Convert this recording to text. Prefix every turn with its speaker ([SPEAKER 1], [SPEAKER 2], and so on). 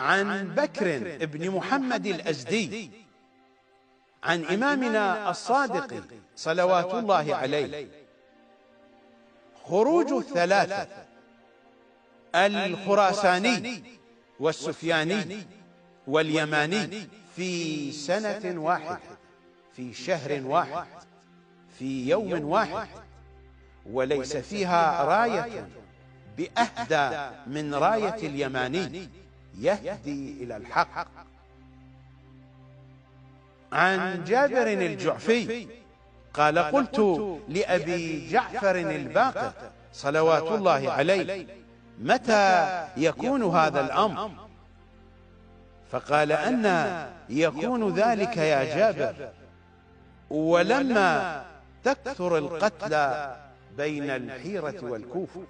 [SPEAKER 1] عن بكر بن محمد الأزدي عن إمامنا الصادق صلوات الله عليه خروج الثلاثة الخراساني والسفياني واليماني في
[SPEAKER 2] سنة واحدة
[SPEAKER 1] في شهر واحد في يوم واحد وليس فيها راية بأهدى من راية اليماني يهدي إلى الحق عن جابر الجعفي قال قلت لأبي جعفر الباقر صلوات الله عليه متى يكون هذا الأمر فقال أن يكون ذلك يا جابر ولما
[SPEAKER 2] تكثر القتلى بين الحيرة والكوفة